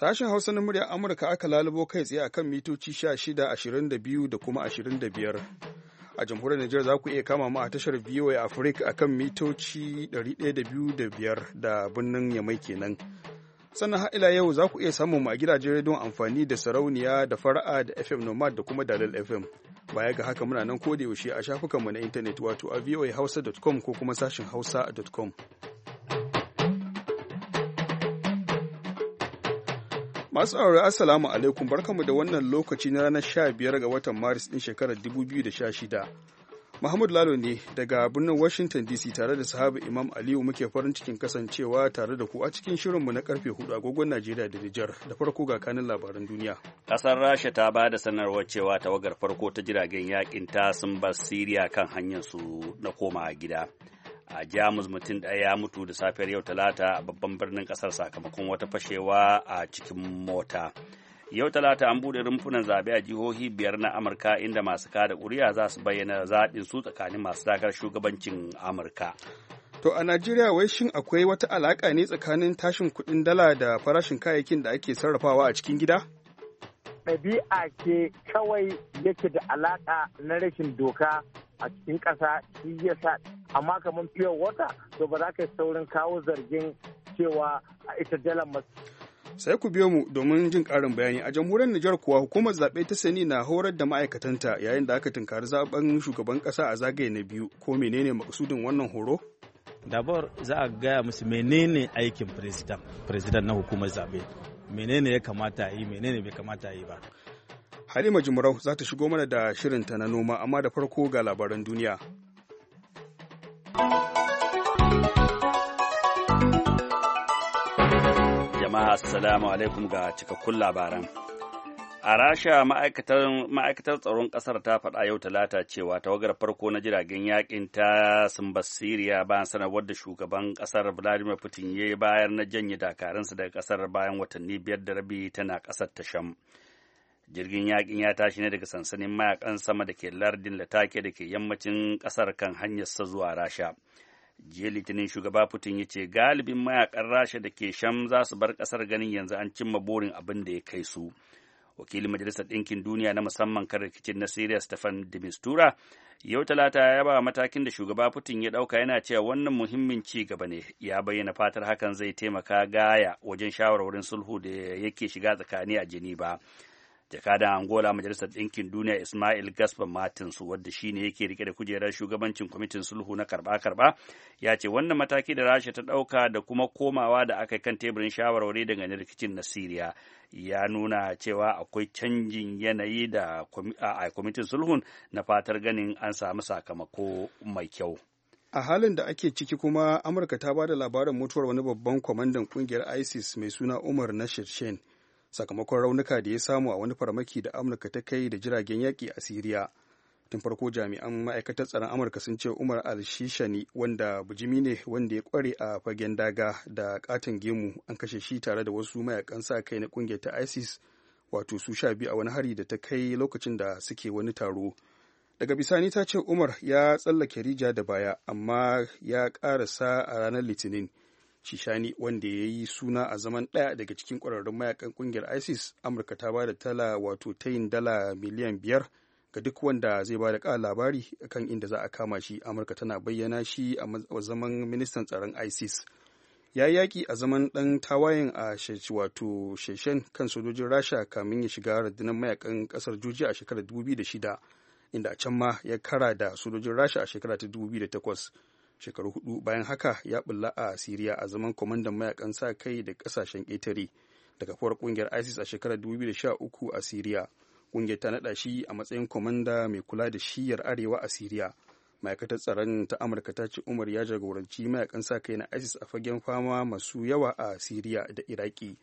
Sashen Hausa na muryar Amurka aka lalubo kai tsaye akan mitoci 16, 22 da kuma 25. A jamhuriyar Nijar za ku iya kama mu a tashar VOA Africa akan mitoci 102.5 da birnin Yamai kenan. Sannan har ila yau za ku iya samun mu a gidajen rediyon amfani da sarauniya da fara'a da FM Nomad da kuma Dalil FM. Baya ga haka muna nan da yaushe a shafukanmu na intanet wato a voahausa.com ko kuma sashin hausa.com. Masu aure Assalamu alaikum barkamu da wannan lokaci na ranar 15 ga watan Maris din shekarar 2016. Muhammad Lalo ne daga birnin Washington DC tare da sahaba Imam Aliyu muke farin cikin kasancewa tare da ku a cikin shirinmu na karfe 4 agogon Najeriya da Nijar da farko ga kanin labaran duniya. Kasar Rasha ta ba da sanarwar cewa tawagar farko ta jiragen yakin ta sun ba Siriya kan hanyar su na koma gida. a jamus mutum ɗaya ya mutu da safiyar yau talata a babban birnin ƙasar sakamakon wata fashewa a cikin mota yau talata an buɗe rumfunan zaɓe a jihohi biyar na amurka inda masu kada ƙuri'a za su bayyana zaɓin su tsakanin masu takar shugabancin amurka to a najeriya wai shin akwai wata alaƙa ne tsakanin tashin kuɗin dala da farashin kayayyakin da ake sarrafawa a cikin gida ɗabi'a ke kawai yake da alaƙa na rashin doka a cikin ƙasa shi yasa amma kamar fiye wata to ba za ka yi saurin kawo zargin cewa a ita dalar sai ku biyo mu domin jin ƙarin bayani a jamhuriyar Nijar kuwa hukumar zaɓe ta sani na horar da ma'aikatanta yayin da aka tunkari zaben shugaban ƙasa a zagaye na biyu ko menene maksudin wannan horo dabar za a gaya musu menene aikin president president na hukumar zaɓe menene ya kamata yi menene bai kamata yi ba Halima Jumrau za ta shigo mana da shirinta na noma amma da farko ga labaran duniya. Jama'a assalamu alaikum ga cikakkun labaran. A Rasha ma'aikatar tsaron ƙasar ta faɗa yau talata cewa tawagar farko na jiragen yakin ta sumbar Siriya bayan sanarwar da shugaban ƙasar Vladimir Putin ya yi bayar na janye dakarunsa daga ƙasar bayan watanni biyar da rabi tana ƙasar ta Sham. jirgin yakin ya tashi ne daga sansanin mayakan sama da ke lardin latake da ke yammacin kasar kan hanyarsa zuwa rasha jiya litinin shugaba putin ya ce galibin mayakan rasha da ke sham za su bar kasar ganin yanzu an cimma burin abin da ya kai su wakilin majalisar ɗinkin duniya na musamman kan rikicin na syria stefan de yau talata ya ba matakin da shugaba putin ya ɗauka yana cewa wannan muhimmin ci gaba ne ya bayyana fatar hakan zai taimaka gaya wajen shawarwarin sulhu da yake shiga tsakani a geneva jakadan angola majalisar ɗinkin duniya ismail gaspar martins wadda shine yake rike da kujerar shugabancin kwamitin sulhu na karba-karba ya ce wannan mataki da rasha ta ɗauka da kuma komawa da aka kan teburin shawarwari daga rikicin na siriya ya nuna cewa akwai canjin yanayi da a kwamitin sulhun na fatar ganin an samu sakamako mai kyau a halin da ake ciki kuma amurka ta ba da labarin mutuwar wani babban kwamandan kungiyar isis mai suna umar na shershen sakamakon raunuka da ya samu a wani farmaki da amurka ta kai da jiragen yaƙi a siriya tun farko jami'an ma'aikatar tsaron amurka sun ce umar al-shishani wanda bijimi ne wanda ya kware a fagen daga da katon gemu an kashe shi tare da wasu mayakan sa kai na kungiyar ta isis wato su sha biyu a wani hari da ta kai lokacin da suke wani taro daga bisani ta ce umar ya tsallake rija da baya amma ya karasa a ranar litinin Shishani wanda ya yi suna a zaman ɗaya daga cikin ƙwararrun mayakan ƙungiyar ISIS, Amurka ta ba da tala wato tayin dala miliyan biyar ga duk wanda zai ba da ƙara labari kan inda za a kama shi. Amurka tana bayyana shi a zaman ministan tsaron ISIS. Ya yi yaƙi a zaman ɗan tawayen a wato sheshen kan sojojin Rasha kamin ya shiga rundunar mayakan ƙasar Jujiya a shekarar 2006, inda a can ma ya kara da sojojin Rasha a shekara ta 2008. shekaru hudu bayan haka ya bulla a siriya a zaman kwamandan mayakan sa kai da kasashen ƙetare daga kafuwar kungiyar isis a shekarar 2013 a siriya kungiyar ta naɗa shi a matsayin kwamanda mai kula da shiyar arewa a siriya ma'aikatar tsaron ta amurka ta ce umar ya jagoranci mayakan sa kai na isis a fagen fama masu yawa a siriya da iraki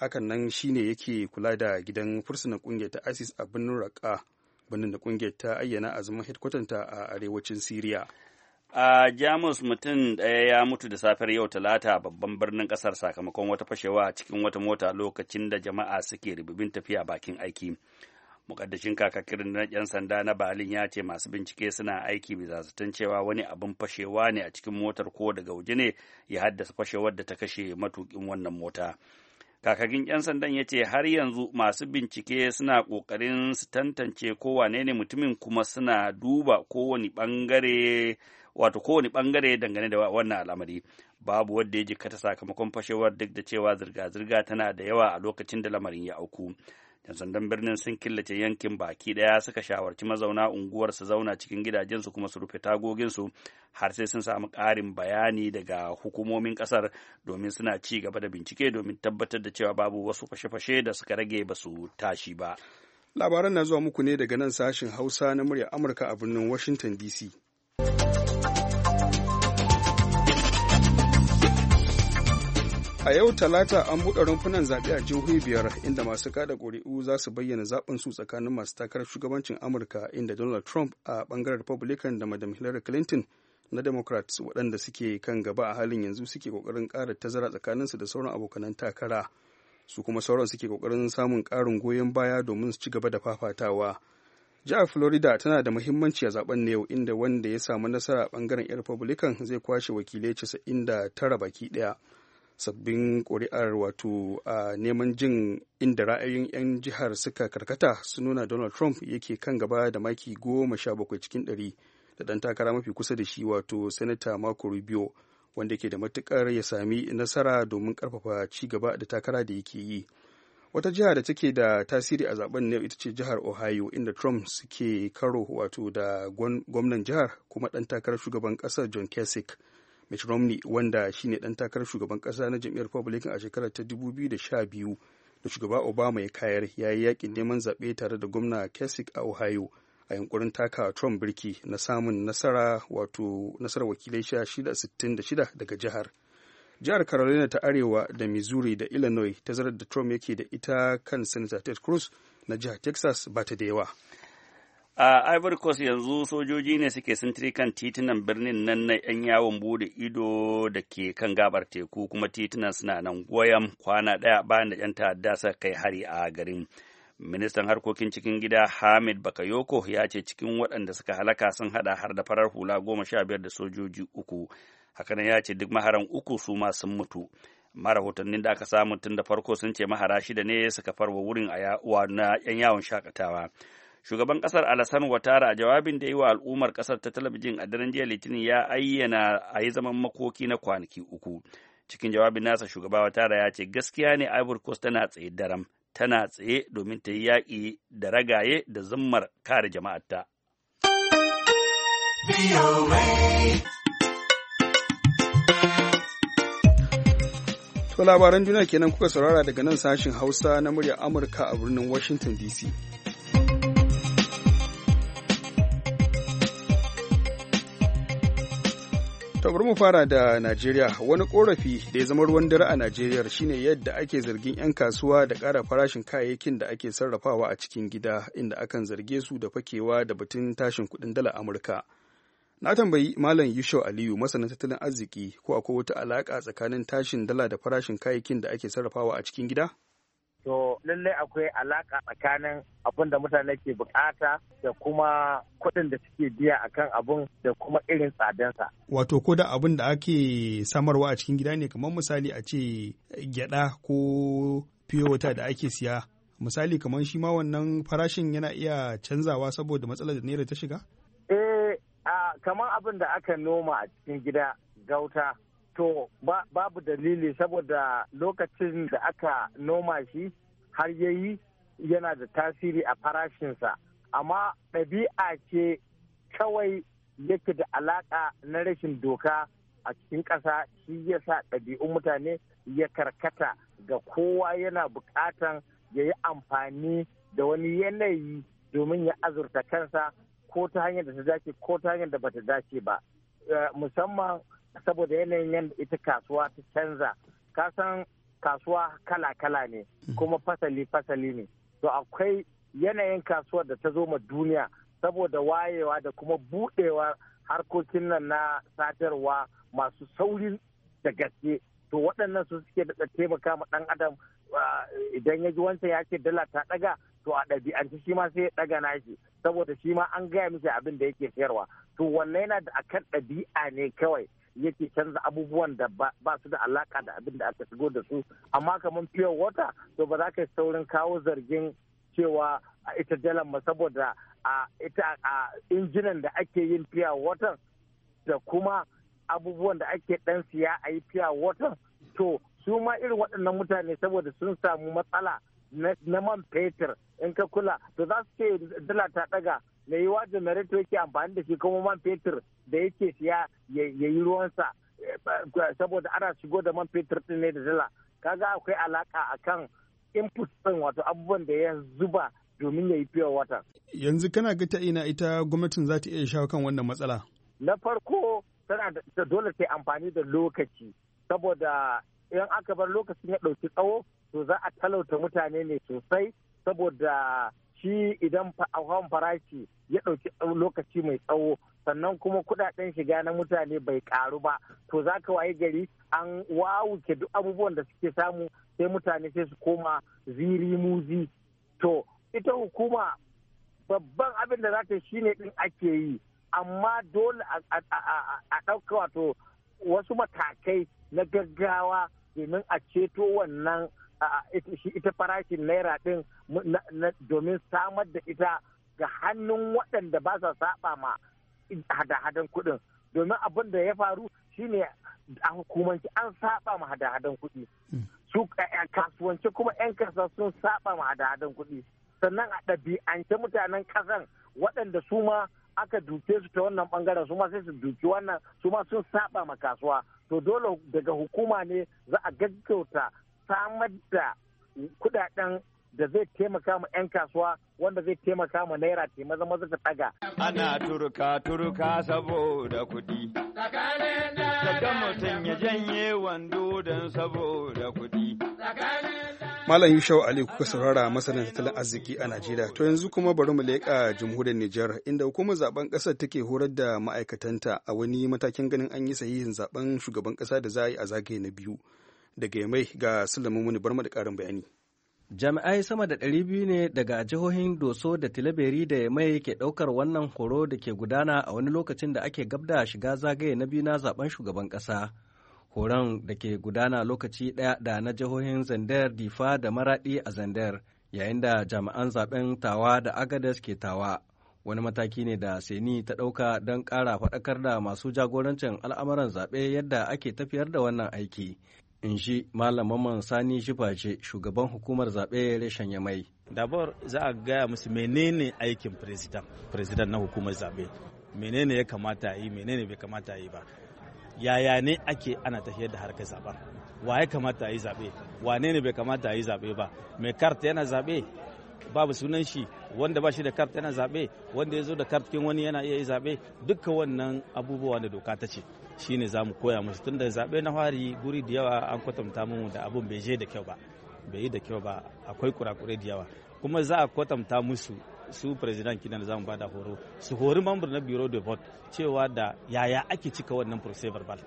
hakan nan shine yake kula da gidan fursunan kungiyar ta isis a birnin raqqa birnin da kungiyar ta ayyana a zaman hedkwatanta a arewacin siriya a jamus mutum ɗaya ya mutu da safiyar yau talata a babban birnin ƙasar sakamakon wata fashewa a cikin wata mota lokacin da jama'a suke ribibin tafiya bakin aiki mukaddashin kakakirin na yan sanda na balin ya ce masu bincike suna aiki bisa cewa wani abin fashewa ne a cikin motar ko daga waje ne ya haddasa fashewar da ta kashe matukin wannan mota kakakin yan sandan ya ce har yanzu masu bincike suna kokarin su tantance ko wane ne mutumin kuma suna duba kowane bangare wato kowane bangare dangane da wannan al'amari babu wadda ya jikkata sakamakon fashewar duk da cewa zirga-zirga tana da yawa a lokacin da lamarin ya auku yan sandan birnin sun killace yankin baki daya suka shawarci mazauna unguwar su zauna cikin gidajensu kuma su rufe tagoginsu har sai sun samu karin bayani daga hukumomin ƙasar domin suna ci gaba da bincike domin tabbatar da cewa babu wasu fashe-fashe da suka rage ba su tashi ba labaran na zuwa muku ne daga nan sashen hausa na murya amurka a birnin washington dc A yau Talata an buɗe rumfunan zaɓe a jihohi biyar inda masu kada ƙuri'u za su bayyana zaɓin su tsakanin masu takarar shugabancin Amurka inda Donald Trump a ɓangaren Republican da Madam Hillary Clinton na Democrats waɗanda suke kan gaba a halin yanzu suke ƙoƙarin ƙara tazara tsakanin su da sauran abokanan takara. Su kuma sauran suke ƙoƙarin samun ƙarin goyon baya domin su ci gaba da fafatawa. Jihar Florida tana da muhimmanci a zaben na yau inda wanda ya samu nasara a ɓangaren 'yan Republican zai kwashe wakilai 99 baki ɗaya. sabbin ƙuri'ar wato a neman jin inda ra'ayin 'yan jihar suka karkata sun nuna donald trump yake kan gaba da maki goma sha bakwai cikin ɗari da ɗan takara mafi kusa da shi wato sanata marco rubio wanda ke da matukar ya sami nasara domin karfafa ci gaba da takara da yake yi wata jiha da take da tasiri a zaben ne ita ce jihar ohio inda trump suke karo wato da gwamnan jihar kuma ɗan takarar shugaban ƙasar john kasich Mitt Romney wanda ne ɗan takarar shugaban ƙasa na jam'iyyar Republican a shekarar ta 2012 da shugaba Obama ya kayar ya yi yakin neman zaɓe tare da gwamna Kasich a Ohio a yankurin taka Trump birki na samun nasara wato nasarar wakilai shida daga jihar. Jihar Carolina ta Arewa da Missouri da Illinois tazarar da Trump yake da ita kan Senator Ted Cruz na jihar Texas ba ta da yawa. a ivory coast yanzu sojoji ne suke sintiri kan titunan birnin nan na 'yan yawon bude ido da ke kan gabar teku kuma titunan suna nan goyon kwana ɗaya bayan da 'yan ta'adda suka kai hari a garin ministan harkokin cikin gida hamid bakayoko ya ce cikin waɗanda suka halaka sun hada har da farar hula goma sha biyar da sojoji uku hakanan ya ce duk maharan uku su ma sun mutu marahotannin da aka samu tun da farko sun ce mahara shida ne suka farwa wurin a na 'yan yawon shakatawa shugaban kasar alasan watara a jawabin da ya yi wa al'ummar kasar ta talabijin a daren jiya litinin ya ayyana a yi zaman makoki na kwanaki uku cikin jawabin nasa shugaba watara ya ce gaskiya ne ivory coast tana tsaye daram tana tsaye domin ta yi yaƙi da ragaye da zummar kare jama'arta. To labaran duniya kenan kuka saurara daga nan sashin Hausa na murya Amurka a birnin Washington DC. To bari mu fara da Najeriya wani korafi da ya zama ruwan dare a Najeriya shine yadda ake zargin 'yan kasuwa da ƙara farashin kayayyakin da ake sarrafawa a cikin gida inda akan zarge su da fakewa da batun tashin kuɗin dala Amurka. Na tambayi Malam Yusho Aliyu masanin tattalin arziki ko akwai wata alaƙa tsakanin tashin dala da farashin kayayyakin da ake sarrafawa a cikin gida? to lallai akwai alaka tsakanin abin da mutane ke bukata da kuma kuɗin da suke biya akan abin da kuma irin tsadansa. Wato ko da abin da ake samarwa a cikin gida ne kamar misali a ce gyada ko wata da ake siya misali kamar shi ma wannan farashin yana iya canzawa saboda matsalar da naira ta shiga? Eh, kamar abin da aka noma a cikin gida gauta to babu dalili saboda lokacin da aka noma shi har yayi yana da tasiri a farashinsa amma ɗabi'a ce kawai yake da alaƙa na rashin doka a cikin ƙasa shi ya sa ɗabi'un mutane ya karkata ga kowa yana buƙatan ya yi amfani da wani yanayi domin ya azurta kansa ko ta hanyar da ta dace ko ta hanyar da bata dace ba eh, musamman saboda yanayin yadda ita kasuwa ta canza kasan kasuwa kala-kala ne kuma fasali-fasali ne to akwai yanayin kasuwar da ta zo ma duniya saboda wayewa da kuma budewa harkokin nan na sadarwa masu saurin da gaske to waɗannan su suke da taimaka ma ɗan adam idan ya ji wancan ya ce dala ta ɗaga to a ɗabi'ance shi ma sai ya ɗaga nashi saboda shi ma an gaya mishi abin da yake sayarwa to wannan yana da akan ɗabi'a ne kawai yake canza abubuwan da ba su da alaka da abin da aka shigo da su amma kamar pure water to ba za ka yi saurin kawo zargin cewa a ita jalan ma saboda a ita a injinan da ake yin pure water da kuma abubuwan da ake dan siya a yi pure water to su ma irin waɗannan mutane saboda sun samu matsala na man fetur in ka kula to za su ce dala ta ɗaga mai yiwa janareto yake amfani da shi kuma man fetur da yake siya ya yi ruwansa saboda ana shigo da man fetur ɗin ne da dala kaga akwai alaka a kan input ɗin wato abubuwan da ya zuba domin ya yi fiye wata. Yanzu kana ga ta ina ita gwamnatin za ta iya shawo kan wannan matsala? Na farko tana da dole ta amfani da lokaci saboda in aka bar lokacin ya ɗauki tsawo to za a talauta mutane ne sosai saboda shi idan hawan farashi ya ɗauki lokaci mai tsawo sannan kuma kudaden shiga na mutane bai karu ba to za ka waye gari an wawuke duk abubuwan da suke samu sai mutane sai su koma ziri muzi to ita hukuma babban abin da za ta shi ne ɗin ake yi amma dole a ɗauka wato wasu matakai na gaggawa domin a ceto wannan ita farashin naira din domin samar da ita ga hannun waɗanda ba sa saba ma hada-hadan kuɗin domin abin da ya faru shine a hukumanci an saba ma hada-hadan kuɗi hmm. su kasuwanci kuma 'yan kasa sun saba ma hada-hadan kuɗi sannan a ɗabi'ance mutanen ƙasan waɗanda su ma aka duke su ta wannan bangaren su ma sai su duki wannan su ma sun saba ma kasuwa to dole daga hukuma ne za a gaggauta samar da kudaden da zai taimaka ma 'yan kasuwa wanda zai taimaka ma naira ta maza maza ta daga. Ana turka turka saboda kuɗi. Daga mutum ya janye wando don saboda kuɗi. Malam Yushau Ali kuka saurara masanin tattalin arziki a Najeriya. To yanzu kuma bari mu leƙa jamhuriyar Nijar inda hukumar zaben ƙasar take horar da ma'aikatanta a wani matakin ganin an yi sahihin zaben shugaban ƙasa da za a yi a zagaye na biyu. Daga mai ga Sulaiman Muni bar da ƙarin bayani. Jami'ai sama da ɗari biyu ne daga jihohin Doso da Tilaberi da Yamai ke ɗaukar wannan horo da ke gudana a wani lokacin da ake gabda shiga zagaye na biyu na zaben shugaban ƙasa. horon da ke gudana lokaci ɗaya da na jihohin zandar difa da maraɗi a zandar yayin da jami'an zaben tawa da agadas ke tawa wani mataki ne da seni ta ɗauka don ƙara faɗakar da masu jagorancin al'amuran zaɓe yadda ake tafiyar da wannan aiki in shi malamman sani shiface shugaban hukumar zaɓe reshen yamai dabar za a gaya musu menene aikin president na hukumar zaɓe menene ya kamata yi menene bai kamata yi ba yaya ne ake ana tafiyar da harkar zaben wa ya kamata a yi zaɓe wane ne bai kamata a yi zaɓe ba mai karta yana zaɓe babu sunan shi wanda ba shi da kart yana zaɓe wanda ya zo da kartkin wani yana iya yi zaɓe dukkan wannan abubuwa da doka ta ce shi ne za mu koya musu tun da zaɓe na fari guri da yawa an kwatanta mu da abun bai je da kyau ba bai yi da kyau ba akwai kurakurai da yawa kuma za a kwatanta musu su president kinan zamu zamu bada horo su hori member na bureau de vote cewa da yaya ake cika wannan procedure verbal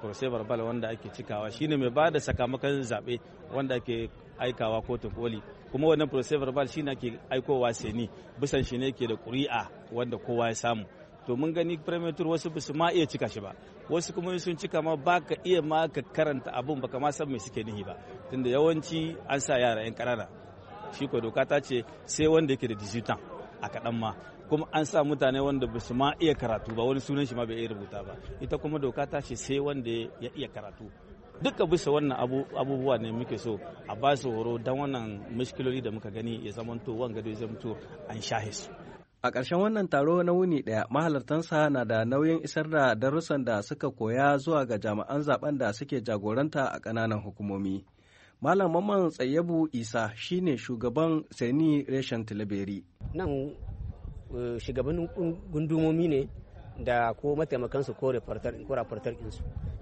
procedure verbal wanda ake cikawa shine mai bada sakamakon zabe wanda ake aikawa kotun koli kuma wannan procedure verbal shine ake aikowa seni bisan shi ne ke da kuri'a wanda kowa ya samu to mun gani premature wasu ba ma iya cika shi ba wasu kuma sun cika ma ba ka iya ma ka karanta abun baka ma san me suke nihi ba tunda yawanci an sa yara yan ƙanana shi ko doka ta ce sai wanda yake da 18 a kaɗan ma kuma an sa mutane wanda ba su ma iya karatu ba wani sunan shi ma bai iya rubuta ba ita kuma doka ta ce sai wanda ya iya karatu duka bisa wannan abubuwa ne muke so a ba su horo don wannan mashkiloli da muka gani ya zamanto wanga da ya zamanto an shahe su a ƙarshen wannan taro na wuni ɗaya mahalartansa na da nauyin isar da darussan da suka koya zuwa ga jami'an zaben da suke jagoranta a ƙananan hukumomi Malam Maman Tsayabu Isa shine shugaban Seni Reshen Tilaberi. Nan eh, shugabannin gundumomi ne da ko mataimakansu ko rafartar insu.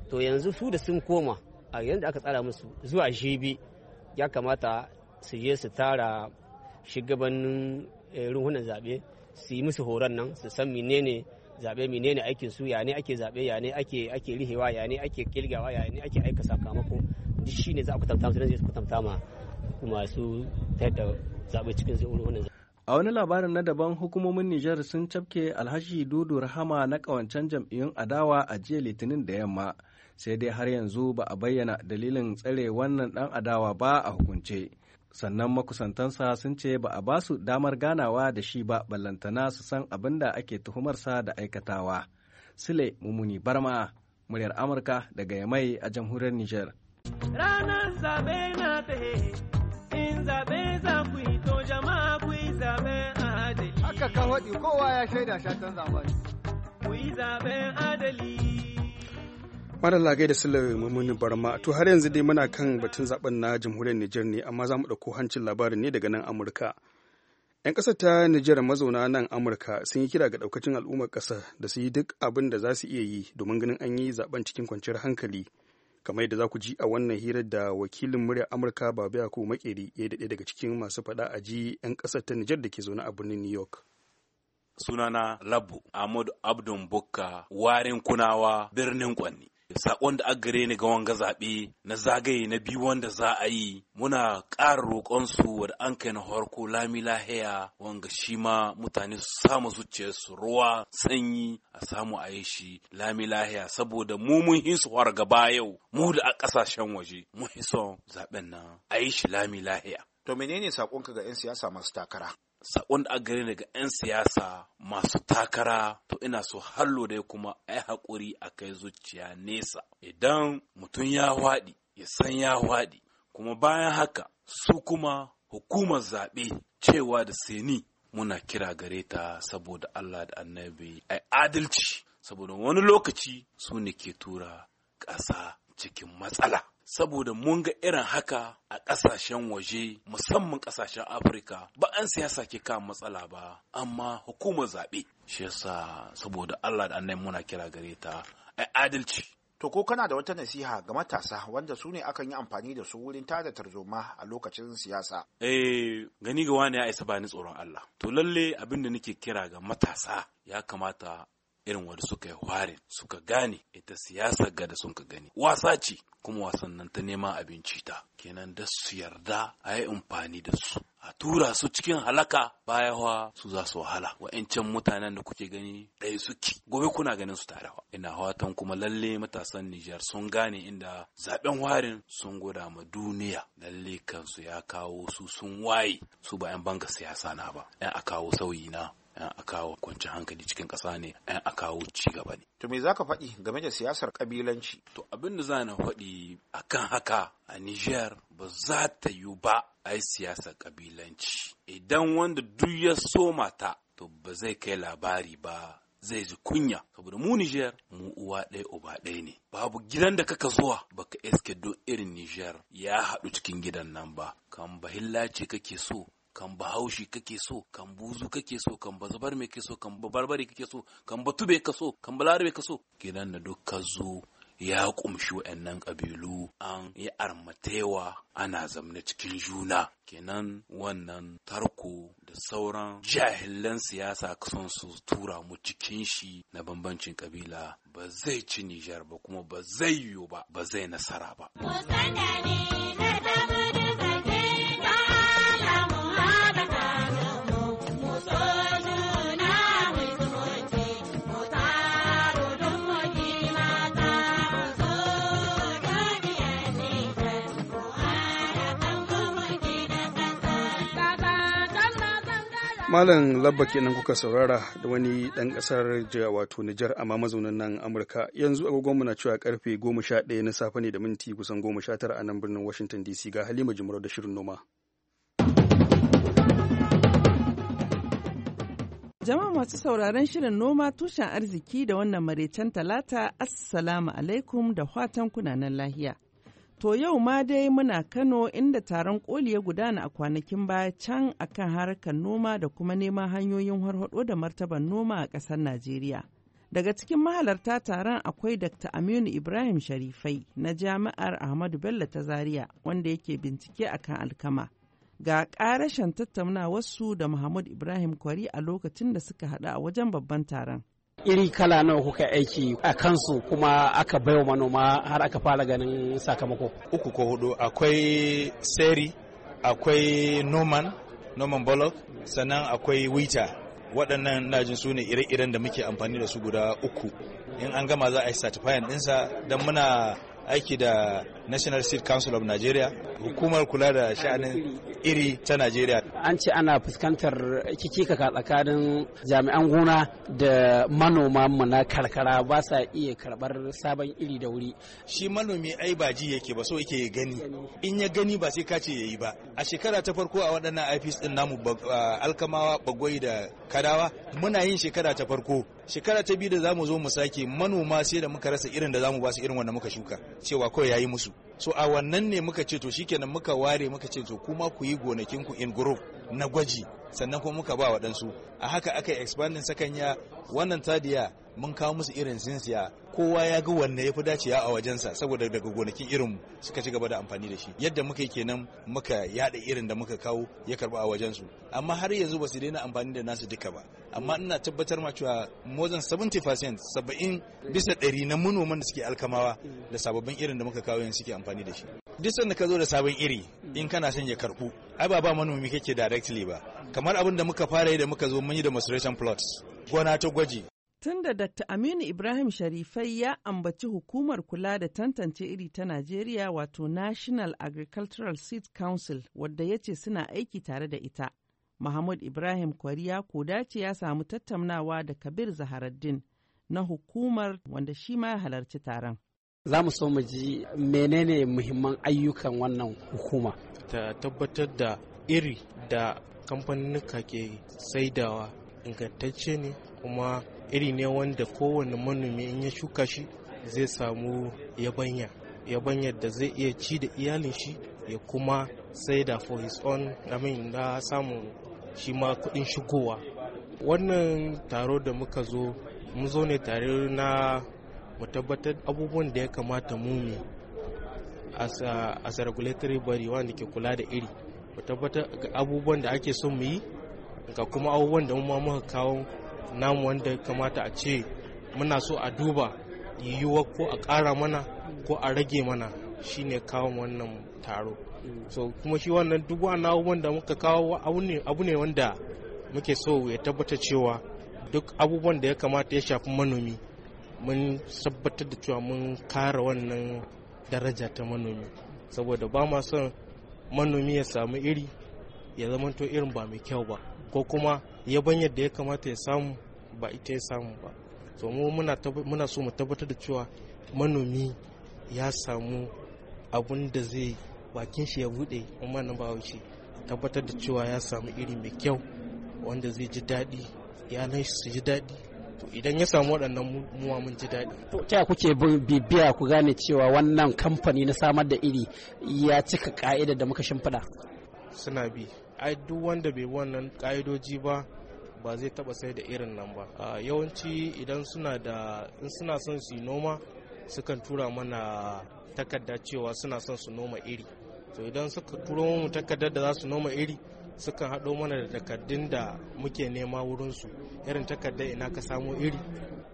To yanzu su da sun koma a yadda aka tsara musu zuwa jibi ya kamata su je su tara shugabannin eh, ruhunan zaɓe su yi musu horon nan su san menene zaɓe menene aikin su ya ne ake zaɓe ya ne ake ake rihewa ya ne ake kilgawa ya ne ake aika sakamako shi ne za a kwatanta zai kwatanta ma masu ta zaɓe cikin zai A wani labarin na daban hukumomin Nijar sun cafke alhashi Dudu Rahama na ƙawancen jam'iyyun adawa a jiya Litinin da yamma. Sai dai har yanzu ba a bayyana dalilin tsare wannan ɗan adawa ba a hukunce. Sannan makusantansa sun ce ba a ba su damar ganawa da shi ba ballantana su san abin da ake tuhumarsa da aikatawa. Sule Mumuni Barma, muryar Amurka daga Yamai a jamhuriyar Nijar. ranar zaɓe na ta in zaɓe za ku yi to jama'a ku yi adali. Haka kan waɗi kowa ya shaida shatan zamani. Ku yi adali. Mara Lagai da Sule mummuni Barma, to har yanzu dai muna kan batun zaben na jamhuriyar Nijar ne, amma za mu ɗauko hancin labarin ne daga nan Amurka. 'Yan ƙasar ta Nijar mazauna nan Amurka sun yi kira ga ɗaukacin al'ummar ƙasa da su yi duk abin da za su iya yi domin ganin an yi zaben cikin kwanciyar hankali. kamar yadda za ku ji a wannan hirar da wakilin murya amurka babu ko makeri ya daɗe daga cikin masu faɗa a ji 'yan ƙasar ta nijar da ke zaune a birnin new york sunana labu ahmad abdun bukka warin kunawa birnin kwanni sakon da gare ni ga wanga zaɓe na zagaye na biyu wanda za a yi muna ƙara roƙonsu wadda an kai na harko lami lahiya wanga shi ma mutane su samu su ruwa sanyi a samu a yi shi lami lahiya saboda mu mun yi su har gaba yau mu da a ƙasashen waje mun yi son zaɓen na, a yi shi lami lahiya. To menene saƙonka ga 'yan siyasa masu takara? sakon da gare ni ga 'yan siyasa masu takara to ina so hallo dai kuma ai haƙuri a kai zuciya nesa idan mutum ya waɗi ya san ya waɗi kuma bayan haka su kuma hukumar zaɓe cewa da seni muna kira gare ta saboda Allah da annabi ai adalci saboda wani lokaci su ne ke tura ƙasa cikin matsala saboda mun ga irin haka a ƙasashen waje musamman ƙasashen afirka ba an siyasa ke kan matsala ba amma hukumar zaɓe shi yasa saboda allah da annai muna kira gare ta a adalci to ko kana da wata nasiha ga matasa wanda su ne akan yi amfani da su wurin tada tarzoma a lokacin siyasa eh gani ga wani ya isa bani tsoron allah to lalle abin da nake kira ga matasa ya kamata irin wanda suka yi warin suka gane ita siyasar gada sun ka gani wasa ce kuma wasan nan ta neman abinci ta kenan da su yarda a yi amfani da su a tura su cikin halaka bayawa su za su wahala wa'ancan mutanen da kuke gani ɗaya suke gobe kuna ganin su tare ina watan kuma lalle matasan Nijar sun gane inda zaben warin sun gwada ma duniya lalle kansu ya kawo su sun waye su ba 'yan banga siyasa na ba 'yan a kawo sauyi na Eh, a kawo kwanci hankali cikin ƙasa ne eh, a kawo ci gaba ne. To me zaka faɗi game da siyasar kabilanci? To abin da za na faɗi a kan haka a Niger ba za ta yi ba a yi siyasar kabilanci. Idan wanda duk ya so mata to ba zai kai labari ba zai ji kunya saboda mu Niger mu uwa ɗaya uba ɗaya ne babu gidan da kaka zuwa baka iske don irin Niger ya haɗu cikin gidan nan ba kan bahilla ce kake so kan bahaushe kake so kan buzu kake so kan bazabar me kake so kan barbare kake so kan batube ka so kan balarabe ka so gidan da duk ka zo ya kumshi wa'annan ƙabilu an yi armatewa ana zamne cikin juna kenan wannan tarko da sauran jahilan siyasa kusan su tura mu cikin shi na bambancin ƙabila ba zai ci nijar ba kuma ba zai yiwu ba ba zai nasara ba. Malam Labba kenan kuka saurara da wani ɗan jiya wato Nijar amma mazaunin nan Amurka yanzu agogonmu na cewa karfe 11 na safe ne da minti kusan 19 a nan birnin Washington DC ga Halima Jimarau da shirin noma. Jama'a masu sauraron shirin noma tushen arziki da wannan maraicen talata Assalamu alaikum da fatan kunanan lahiya. To yau ma dai muna Kano inda taron koli ya gudana a kwanakin baya can akan harkar noma da kuma neman hanyoyin harhaɗo da martaban noma a ƙasar Najeriya. Daga cikin mahalarta taron akwai Dr. Aminu Ibrahim Sharifai na Jami'ar Ahmadu Bello ta Zaria wanda yake bincike akan alkama. Ga ƙarashin wasu da Muhammad Ibrahim Kwari a lokacin da suka haɗu a wajen babban taron. iri kala nawa kuka aiki a kansu kuma aka baiwa manoma har aka fara ganin sakamako uku ko hudu akwai seri akwai noman noman bollock sannan akwai wita waɗannan najin su ne ire-iren da muke amfani da su guda uku in an gama za a yi certifying ɗinsa don muna aiki da National Seed Council of Nigeria, hukumar kula da sha'anin iri ta Najeriya. An ce ana fuskantar kikikaka tsakanin jami'an gona da manoma mu na karkara ba sa iya karbar sabon iri da wuri. Shi manomi ai ba ji yake ba so yake gani. In ya gani ba sai ka ce yayi ba. A shekara ta farko a waɗannan IPs din namu alkamawa bagwai da kadawa muna yin shekara ta farko shekara ta biyu da zamu zo mu sake manoma sai da muka rasa irin da zamu ba su irin wanda muka shuka cewa kawai yayi musu so a wannan ne muka ce to shikenan muka ware muka ce to kuma ku yi gonakin ku in group na gwaji sannan kuma muka ba waɗansu a haka aka yi expanding sakanya wannan tadiya mun kawo musu irin sinsiya kowa ya ga wanne ya fi dacewa a wajensa saboda daga gonakin irin suka ci gaba da amfani da shi yadda muka yi kenan muka yada irin da muka kawo ya karba a wajensu amma har yanzu ba su daina amfani da nasu duka ba amma ina tabbatar ma cewa more than 70% saba'in bisa ɗari na manoman da suke alkamawa da sababbin irin da muka kawo yanzu suke amfani da shi duk da ka zo da sabon iri in kana son ya karbu ai ba ba manomi kake directly ba kamar abin da muka fara yi da muka zo mun yi demonstration plots gona ta gwaji tun da Dr. Aminu Ibrahim Sharifai ya ambaci hukumar kula da tantance iri ta Najeriya wato National Agricultural Seed Council wadda ya ce suna aiki tare da ita. Mahmud Ibrahim Kwariya dace ya samu tattaunawa da Kabir Zaharaddin na hukumar wanda shi ma ya halarci taron. Za mu so mu ji menene muhimman ayyukan wannan hukuma. Ta tabbatar da iri da kamfaninka ke saidawa ingantacce ne kuma iri ne wanda kowane manomi in ya shuka shi zai samu yabanya. yabanya da zai iya ci da iyalin shi ya kuma saida for his own I mean na samun shi ma kuɗin shigowa wannan taro da muka zo mun zo ne tare na mu tabbatar abubuwan da ya kamata mu as a regulatory body wanda ke kula da iri mu tabbatar abubuwan da ake son mu yi ga kuma abubuwan da ma muka kawo namu wanda kamata a ce muna so a duba yiwuwa ko a ƙara mana ko a rage mana shine kawo wannan taro so kuma shi wannan duk wannan abubuwan da muka kawo abu ne wanda muke so ya tabbata cewa duk abubuwan da ya kamata ya shafi manomi mun tabbatar da cewa mun kara wannan daraja ta manomi saboda ba ma son manomi ya samu iri ya zamanto irin ba mai kyau ba ko kuma ya yabanyar da ya kamata ya samu ba ita ya samu ba so mu muna so mu tabbatar da cewa manomi ya samu abun da zai bakin shi ya bude kuma nan ba wuce tabbatar da cewa ya samu iri mai kyau wanda zai ji daɗi yanan shi su ji daɗi to idan ya samu waɗannan muwa mun ji daɗi. to ta kuke bibiya ku gane cewa wannan kamfani na samar da iri ya cika ka'ida da muka shimfiɗa. suna bi ai duk wanda bai wannan ka'idoji ba ba zai taba sai da irin nan ba yawanci idan suna da in suna son su noma sukan tura mana takarda cewa suna son su noma iri so idan suka turo mu takardar da za su noma iri sukan haɗo mana da takardun da muke nema wurinsu irin takardar ina ka samo iri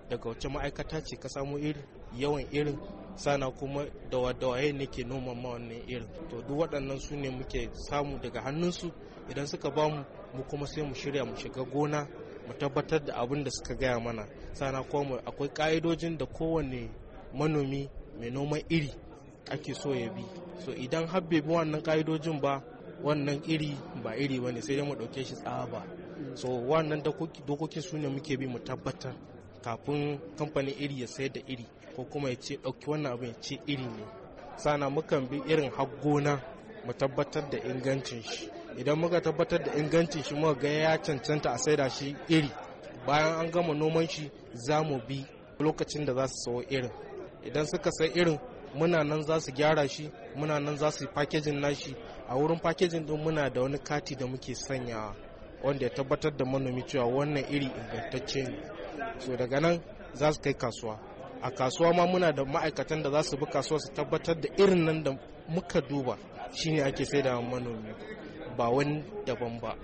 daga wacce ma'aikata ce ka samo iri yawan irin sana kuma da wadawaye ne ke noma ma wannan irin to duk waɗannan su ne muke samu daga hannunsu idan suka bamu mu kuma sai mu shirya mu shiga gona mu tabbatar da abin da suka gaya mana sana kuma akwai ka'idojin da kowane manomi mai noman iri ake so ya bi so idan har bi wannan ka'idojin ba wannan iri ba iri ba ne sai dai mu ɗauke shi tsaba so wannan dokokin su ne muke bi mu tabbatar kafin kamfanin iri ya sayar da iri ko kuma ya ce ɗauki wannan abin ya ce iri ne sana mukan bi irin haggona mu tabbatar da ingancin shi idan muka tabbatar da ingancin shi muka ga ya cancanta a saida shi iri bayan an gama noman shi za mu bi lokacin da za su sayo irin idan suka sai irin muna nan za su gyara shi muna nan za su fakejin nashi a wurin fakejin din muna da wani kati da muke sanyawa wanda ya tabbatar da manomi cewa wannan iri ingantacce ne so daga nan za su kai kasuwa a kasuwa ma muna da ma'aikatan da za su bi kasuwa su tabbatar da irin nan da muka duba shine ake sai da manomi ba wani daban ba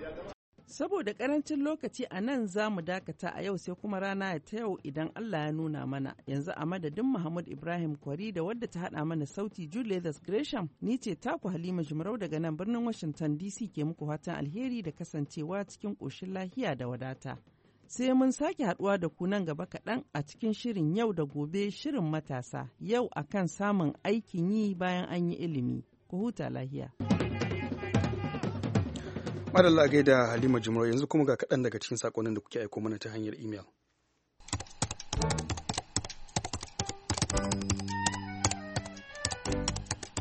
Saboda karancin lokaci a nan za mu dakata a yau sai kuma rana ta yau idan Allah ya nuna mana. Yanzu a madadin Muhammad Ibrahim Kwari da wadda ta hada mana sauti Julius Gresham ni ce taku Halima Jumarau daga nan birnin Washington DC ke muku fatan alheri da kasancewa cikin ƙoshin lahiya da wadata. Sai mun sake haduwa da ku nan gaba kaɗan a cikin shirin yau da gobe shirin matasa yau akan samun aikin yi bayan an yi ilimi. Ku huta lahiya. Madalla gaida Halima Jumro yanzu kuma ga kaɗan daga cikin saƙonin da kuke aiko mana ta hanyar imel.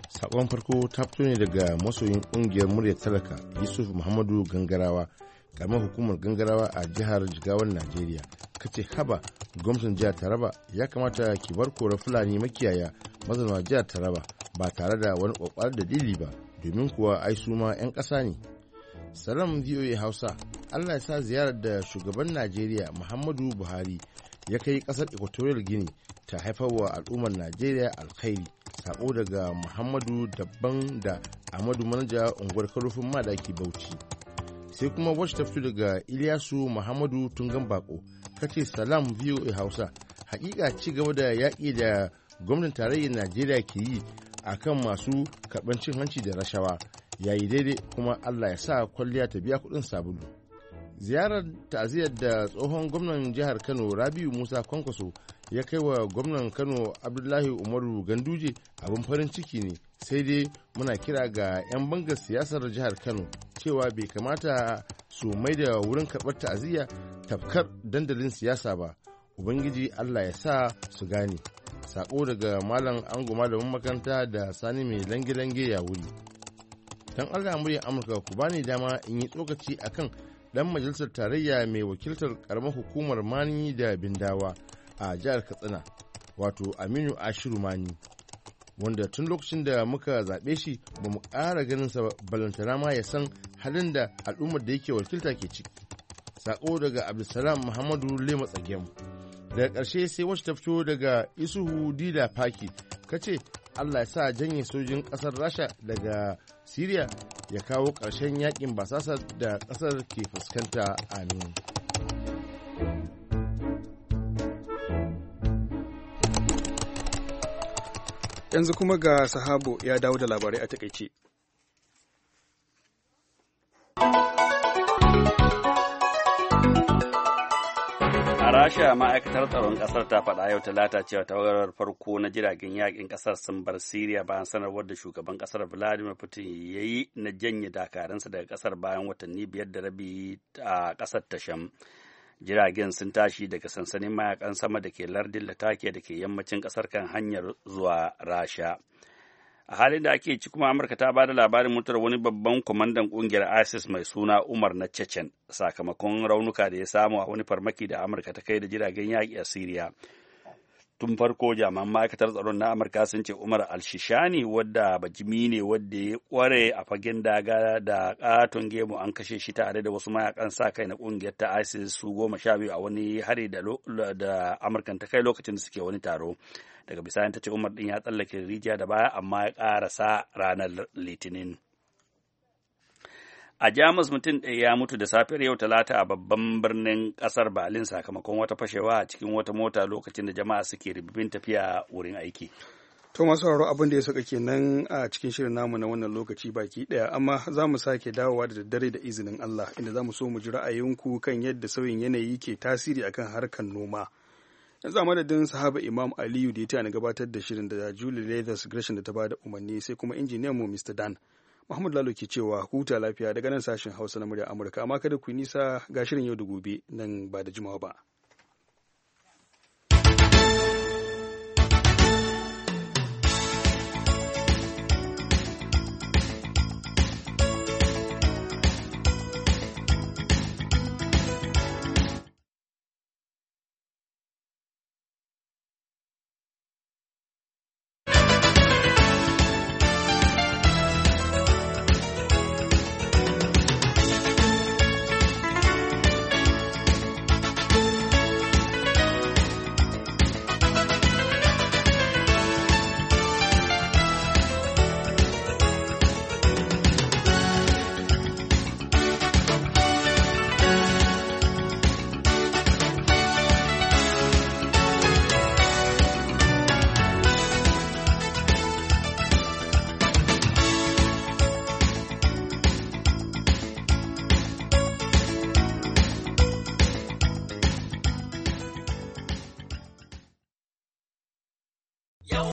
Saƙon farko ta fito ne daga masoyin ƙungiyar muryar talaka Yusuf Muhammadu Gangarawa, kamar hukumar Gangarawa a jihar Jigawar Najeriya. Kace haba gwamnatin jihar Taraba ya kamata ki bar kora Fulani makiyaya mazauna jihar Taraba ba tare da wani da dalili ba domin kuwa ai su ma 'yan ƙasa ne. Salam VOA Hausa, Allah ya sa ziyarar da shugaban Najeriya Muhammadu Buhari ya kai ƙasar Equatorial gini ta haifar wa al'ummar Najeriya alkhairi. Sako daga Muhammadu Dabban da Ahmadu Manaja unguwar karofin Madaki Bauchi. Sai kuma wacce ta fito daga iliyasu Muhammadu Tungan Bako, kace Salam VOA Hausa. Hakika ci gaba da yaƙi da gwamnatin tarayyar Najeriya ke yi akan masu karɓar cin hanci da rashawa. ya yi daidai kuma Allah ya sa kwalliya ta biya kuɗin sabulu. Ziyarar ta'aziyar da tsohon gwamnan jihar Kano Rabiu Musa Kwankwaso ya kai wa gwamnan Kano Abdullahi Umaru Ganduje abin farin ciki ne sai dai muna kira ga 'yan bangar siyasar jihar Kano cewa bai kamata su mai da wurin karbar ta'aziyya tafkar dandalin siyasa ba. Ubangiji Allah ya sa su gane. Sako daga Malam Ango da Makaranta da Sani Mai Lange-Lange ya wuri. don allah muryar amurka ku bani dama in yi tsokaci akan dan majalisar tarayya mai wakiltar karamar hukumar mani da bindawa a jihar katsina wato aminu ashiru mani wanda tun lokacin da muka zaɓe shi ba mu ƙara ganin sa balantana ma ya san halin da al'ummar da yake wakilta ke ciki sako daga abdulsalam muhammadu lema tsagem daga ƙarshe sai wacce ta fito daga isuhu dida faki kace Allah ya sa janye sojin ƙasar Rasha daga Siriya ya kawo ƙarshen yakin basasa da ƙasar ke fuskanta amin. Yanzu kuma ga sahabo ya dawo da labarai a takaice. rasha ma'aikatar tsaron kasar ta faɗa yau talata cewa tawagar farko na jiragen yakin kasar sun bar siriya bayan sanarwar da shugaban kasar vladimir putin ya yi na janye dakaransa daga kasar bayan watanni biyar da rabi a kasar tasham jiragen sun tashi daga sansanin mayakan sama da ke lardin latakia da ke yammacin kasar kan hanyar zuwa rasha a halin da ake ci kuma amurka ta bada labarin mutuwar wani babban kwamandan kungiyar isis mai suna umar na chechen sakamakon raunuka da ya samu a wani farmaki da amurka ta kai da jiragen yaƙi a syria tun farko jami'an ma'aikatar tsaron na amurka sun ce umar alshishani wadda bajimi ne wadda ya kware a fagen daga da katon gemu an kashe shi tare da wasu mayakan sa kai na kungiyar ta isis su goma sha biyu a wani hari da amurkan ta kai lokacin da suke wani taro daga bisani ta ce umar din ya tsallake rijiya da baya amma ya karasa ranar litinin a jamus mutum ɗaya ya mutu da safiyar yau talata a babban birnin ƙasar berlin sakamakon wata fashewa a cikin wata mota lokacin da jama'a suke ribibin tafiya wurin aiki to masu sauraro abin da ya saka kenan a cikin shirin namu na wannan lokaci baki ɗaya amma za mu sake dawowa da daddare da izinin allah inda za mu so mu ji ra'ayinku kan yadda sauyin yanayi ke tasiri akan harkar noma yanzu a madadin sahaba imam aliyu da ya tana gabatar da shirin da julie leathers gresham da ta bada umarni sai kuma injiniyan mu mr dan Muhammad Lalo ke cewa huta lafiya daga nan sashen Hausa na murya Amurka amma kada ku nisa ga shirin yau da gobe nan ba da jimawa ba.